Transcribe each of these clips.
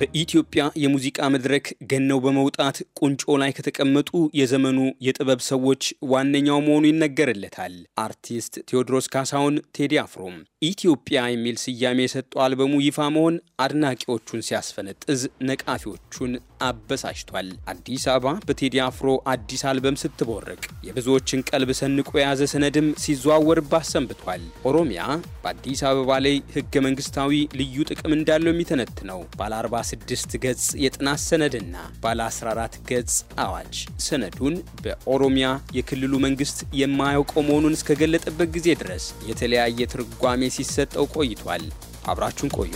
በኢትዮጵያ የሙዚቃ መድረክ ገነው በመውጣት ቁንጮ ላይ ከተቀመጡ የዘመኑ የጥበብ ሰዎች ዋነኛው መሆኑ ይነገርለታል። አርቲስት ቴዎድሮስ ካሳሁን ቴዲ አፍሮም ኢትዮጵያ የሚል ስያሜ የሰጠው አልበሙ ይፋ መሆን አድናቂዎቹን ሲያስፈነጥዝ፣ ነቃፊዎቹን አበሳጭቷል። አዲስ አበባ በቴዲ አፍሮ አዲስ አልበም ስትቦርቅ፣ የብዙዎችን ቀልብ ሰንቆ የያዘ ሰነድም ሲዘዋወርባት ሰንብቷል። ኦሮሚያ በአዲስ አበባ ላይ ህገ መንግስታዊ ልዩ ጥቅም እንዳለው የሚተነትነው ባለ 16 ገጽ የጥናት ሰነድና ባለ 14 ገጽ አዋጅ ሰነዱን በኦሮሚያ የክልሉ መንግስት የማያውቀው መሆኑን እስከገለጠበት ጊዜ ድረስ የተለያየ ትርጓሜ ሲሰጠው ቆይቷል። አብራችሁን ቆዩ።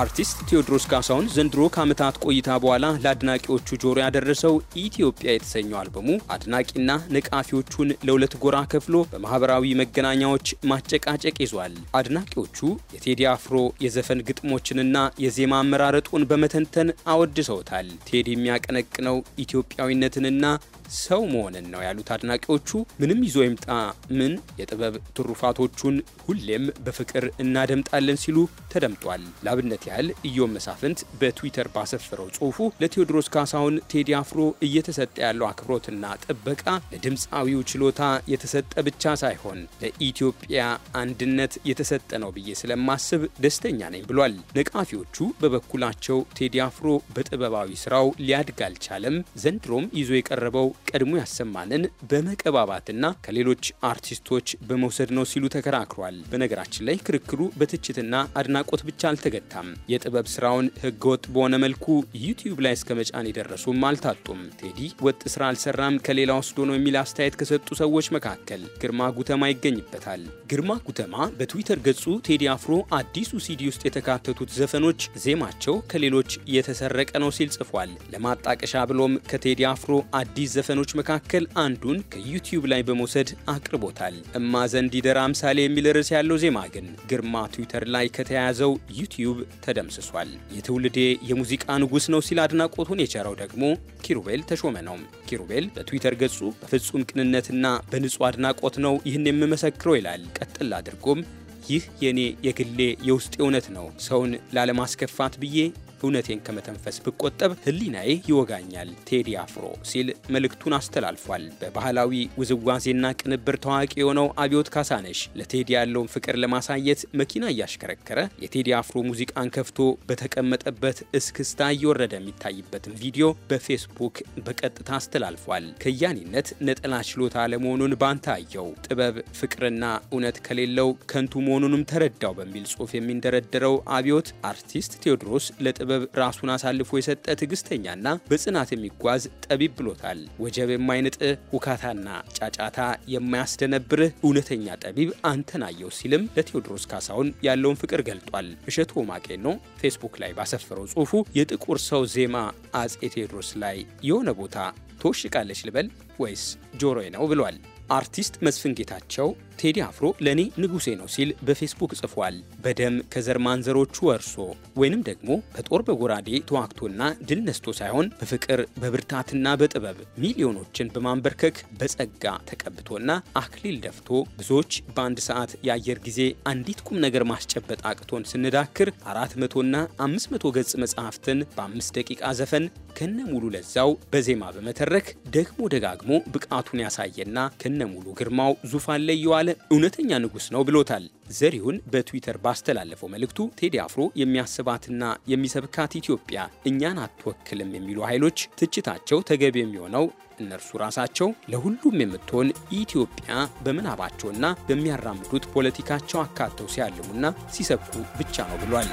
አርቲስት ቴዎድሮስ ካሳሁን ዘንድሮ ከዓመታት ቆይታ በኋላ ለአድናቂዎቹ ጆሮ ያደረሰው ኢትዮጵያ የተሰኘው አልበሙ አድናቂና ነቃፊዎቹን ለሁለት ጎራ ከፍሎ በማህበራዊ መገናኛዎች ማጨቃጨቅ ይዟል። አድናቂዎቹ የቴዲ አፍሮ የዘፈን ግጥሞችንና የዜማ አመራረጡን በመተንተን አወድሰውታል። ቴዲ የሚያቀነቅነው ኢትዮጵያዊነትንና ሰው መሆንን ነው ያሉት አድናቂዎቹ፣ ምንም ይዞ ይምጣ ምን የጥበብ ትሩፋቶቹን ሁሌም በፍቅር እናደምጣለን ሲሉ ተደምጧል። ላብነት ለማለት ያህል እዮም መሳፍንት በትዊተር ባሰፈረው ጽሁፉ ለቴዎድሮስ ካሳሁን ቴዲ አፍሮ እየተሰጠ ያለው አክብሮትና ጥበቃ ለድምፃዊው ችሎታ የተሰጠ ብቻ ሳይሆን ለኢትዮጵያ አንድነት የተሰጠ ነው ብዬ ስለማስብ ደስተኛ ነኝ ብሏል። ነቃፊዎቹ በበኩላቸው ቴዲ አፍሮ በጥበባዊ ስራው ሊያድግ አልቻለም፣ ዘንድሮም ይዞ የቀረበው ቀድሞ ያሰማንን በመቀባባትና ከሌሎች አርቲስቶች በመውሰድ ነው ሲሉ ተከራክሯል። በነገራችን ላይ ክርክሩ በትችትና አድናቆት ብቻ አልተገታም። የጥበብ ስራውን ህገወጥ በሆነ መልኩ ዩቲዩብ ላይ እስከ መጫን የደረሱም አልታጡም። ቴዲ ወጥ ስራ አልሰራም ከሌላ ወስዶ ነው የሚል አስተያየት ከሰጡ ሰዎች መካከል ግርማ ጉተማ ይገኝበታል። ግርማ ጉተማ በትዊተር ገጹ ቴዲ አፍሮ አዲሱ ሲዲ ውስጥ የተካተቱት ዘፈኖች ዜማቸው ከሌሎች የተሰረቀ ነው ሲል ጽፏል። ለማጣቀሻ ብሎም ከቴዲ አፍሮ አዲስ ዘፈኖች መካከል አንዱን ከዩቲዩብ ላይ በመውሰድ አቅርቦታል። እማ ዘንድ ይደራ አምሳሌ የሚል ርዕስ ያለው ዜማ ግን ግርማ ትዊተር ላይ ከተያያዘው ዩቲዩብ ተደምስሷል። የትውልዴ የሙዚቃ ንጉሥ ነው ሲል አድናቆቱን የቸረው ደግሞ ኪሩቤል ተሾመ ነው። ኪሩቤል በትዊተር ገጹ በፍጹም ቅንነትና በንጹህ አድናቆት ነው ይህን የምመሰክረው ይላል። ቀጥል አድርጎም ይህ የእኔ የግሌ የውስጥ እውነት ነው። ሰውን ላለማስከፋት ብዬ እውነቴን ከመተንፈስ ብቆጠብ ህሊናዬ ይወጋኛል ቴዲ አፍሮ ሲል መልእክቱን አስተላልፏል። በባህላዊ ውዝዋዜና ቅንብር ታዋቂ የሆነው አብዮት ካሳነሽ ለቴዲ ያለውን ፍቅር ለማሳየት መኪና እያሽከረከረ የቴዲ አፍሮ ሙዚቃን ከፍቶ በተቀመጠበት እስክስታ እየወረደ የሚታይበትን ቪዲዮ በፌስቡክ በቀጥታ አስተላልፏል። ከያኒነት ነጠላ ችሎታ አለመሆኑን አየው፣ ጥበብ፣ ፍቅርና እውነት ከሌለው ከንቱ መሆኑንም ተረዳው በሚል ጽሁፍ የሚንደረደረው አብዮት አርቲስት ቴዎድሮስ ለጥበብ ጥበብ ራሱን አሳልፎ የሰጠ ትዕግስተኛና በጽናት የሚጓዝ ጠቢብ ብሎታል። ወጀብ የማይንጥህ ውካታና ጫጫታ የማያስደነብርህ እውነተኛ ጠቢብ አንተናየው ሲልም ለቴዎድሮስ ካሳሁን ያለውን ፍቅር ገልጧል። እሸቱ ማቄኖ ፌስቡክ ላይ ባሰፈረው ጽሁፉ የጥቁር ሰው ዜማ አጼ ቴዎድሮስ ላይ የሆነ ቦታ ትወሽቃለች ልበል ወይስ ጆሮዬ ነው ብሏል። አርቲስት መስፍን ጌታቸው ቴዲ አፍሮ ለእኔ ንጉሴ ነው ሲል በፌስቡክ ጽፏል። በደም ከዘር ማንዘሮቹ ወርሶ ወይንም ደግሞ በጦር በጎራዴ ተዋግቶና ድል ነስቶ ሳይሆን በፍቅር በብርታትና በጥበብ ሚሊዮኖችን በማንበርከክ በጸጋ ተቀብቶና አክሊል ደፍቶ ብዙዎች በአንድ ሰዓት የአየር ጊዜ አንዲት ቁም ነገር ማስጨበጥ አቅቶን ስንዳክር አራት መቶና አምስት መቶ ገጽ መጽሐፍትን በአምስት ደቂቃ ዘፈን ከነ ሙሉ ለዛው በዜማ በመተረክ ደግሞ ደጋግሞ ብቃቱን ያሳየና ከነ ሙሉ ግርማው ዙፋን ላይ ይዋል የተባለ እውነተኛ ንጉሥ ነው ብሎታል። ዘሪሁን በትዊተር ባስተላለፈው መልእክቱ ቴዲ አፍሮ የሚያስባትና የሚሰብካት ኢትዮጵያ እኛን አትወክልም የሚሉ ኃይሎች ትችታቸው ተገቢ የሚሆነው እነርሱ ራሳቸው ለሁሉም የምትሆን ኢትዮጵያ በምናባቸውና በሚያራምዱት ፖለቲካቸው አካተው ሲያልሙና ሲሰብኩ ብቻ ነው ብሏል።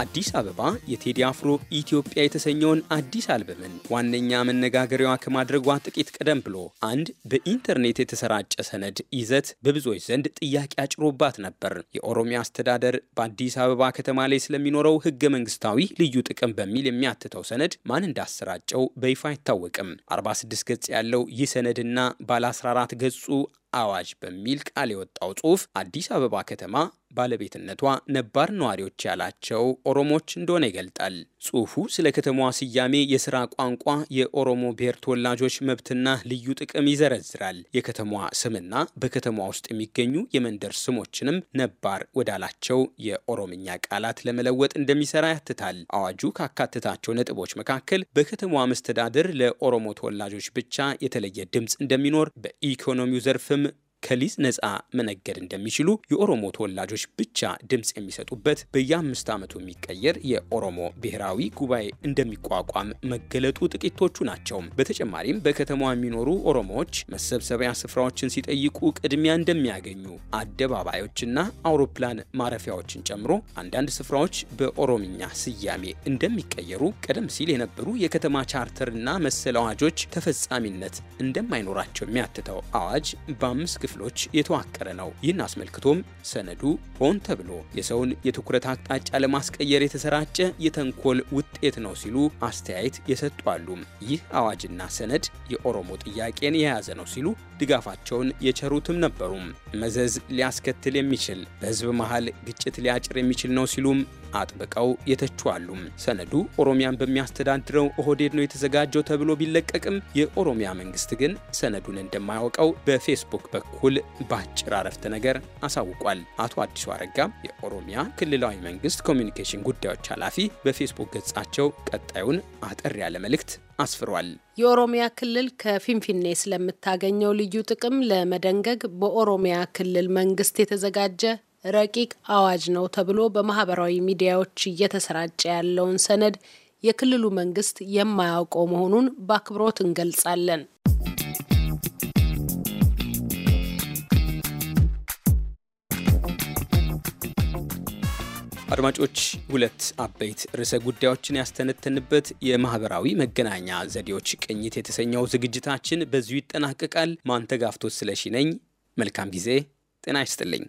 አዲስ አበባ የቴዲ አፍሮ ኢትዮጵያ የተሰኘውን አዲስ አልበምን ዋነኛ መነጋገሪያዋ ከማድረጓ ጥቂት ቀደም ብሎ አንድ በኢንተርኔት የተሰራጨ ሰነድ ይዘት በብዙዎች ዘንድ ጥያቄ አጭሮባት ነበር። የኦሮሚያ አስተዳደር በአዲስ አበባ ከተማ ላይ ስለሚኖረው ህገ መንግስታዊ ልዩ ጥቅም በሚል የሚያትተው ሰነድ ማን እንዳሰራጨው በይፋ አይታወቅም። 46 ገጽ ያለው ይህ ሰነድና ባለ 14 ገጹ አዋጅ በሚል ቃል የወጣው ጽሁፍ አዲስ አበባ ከተማ ባለቤትነቷ ነባር ነዋሪዎች ያላቸው ኦሮሞዎች እንደሆነ ይገልጣል። ጽሁፉ ስለ ከተማዋ ስያሜ፣ የስራ ቋንቋ፣ የኦሮሞ ብሔር ተወላጆች መብትና ልዩ ጥቅም ይዘረዝራል። የከተማዋ ስምና በከተማ ውስጥ የሚገኙ የመንደር ስሞችንም ነባር ወዳላቸው የኦሮምኛ ቃላት ለመለወጥ እንደሚሰራ ያትታል። አዋጁ ካካተታቸው ነጥቦች መካከል በከተማዋ መስተዳድር ለኦሮሞ ተወላጆች ብቻ የተለየ ድምፅ እንደሚኖር፣ በኢኮኖሚው ዘርፍም ከሊዝ ነፃ መነገድ እንደሚችሉ የኦሮሞ ተወላጆች ብቻ ድምፅ የሚሰጡበት በየአምስት ዓመቱ የሚቀየር የኦሮሞ ብሔራዊ ጉባኤ እንደሚቋቋም መገለጡ ጥቂቶቹ ናቸው። በተጨማሪም በከተማዋ የሚኖሩ ኦሮሞዎች መሰብሰቢያ ስፍራዎችን ሲጠይቁ ቅድሚያ እንደሚያገኙ አደባባዮችና አውሮፕላን ማረፊያዎችን ጨምሮ አንዳንድ ስፍራዎች በኦሮምኛ ስያሜ እንደሚቀየሩ ቀደም ሲል የነበሩ የከተማ ቻርተርና መሰል አዋጆች ተፈጻሚነት እንደማይኖራቸው የሚያትተው አዋጅ በአምስት ክፍሎ ክፍሎች የተዋቀረ ነው። ይህን አስመልክቶም ሰነዱ ሆን ተብሎ የሰውን የትኩረት አቅጣጫ ለማስቀየር የተሰራጨ የተንኮል ውጤት ነው ሲሉ አስተያየት የሰጡ አሉ። ይህ አዋጅና ሰነድ የኦሮሞ ጥያቄን የያዘ ነው ሲሉ ድጋፋቸውን የቸሩትም ነበሩ። መዘዝ ሊያስከትል የሚችል በህዝብ መሀል ግጭት ሊያጭር የሚችል ነው ሲሉም አጥብቀው የተቹአሉ። ሰነዱ ኦሮሚያን በሚያስተዳድረው ኦህዴድ ነው የተዘጋጀው ተብሎ ቢለቀቅም የኦሮሚያ መንግስት ግን ሰነዱን እንደማያውቀው በፌስቡክ በኩል በአጭር አረፍተ ነገር አሳውቋል። አቶ አዲሱ አረጋ የኦሮሚያ ክልላዊ መንግስት ኮሚኒኬሽን ጉዳዮች ኃላፊ በፌስቡክ ገጻቸው ቀጣዩን አጠር ያለ መልእክት አስፍሯል። የኦሮሚያ ክልል ከፊንፊኔ ስለምታገኘው ልዩ ጥቅም ለመደንገግ በኦሮሚያ ክልል መንግስት የተዘጋጀ ረቂቅ አዋጅ ነው ተብሎ በማህበራዊ ሚዲያዎች እየተሰራጨ ያለውን ሰነድ የክልሉ መንግስት የማያውቀው መሆኑን በአክብሮት እንገልጻለን። አድማጮች ሁለት አበይት ርዕሰ ጉዳዮችን ያስተነተንበት የማህበራዊ መገናኛ ዘዴዎች ቅኝት የተሰኘው ዝግጅታችን በዚሁ ይጠናቀቃል። ማንተጋፍቶት ስለሺ ነኝ። መልካም ጊዜ። ጤና ይስጥልኝ።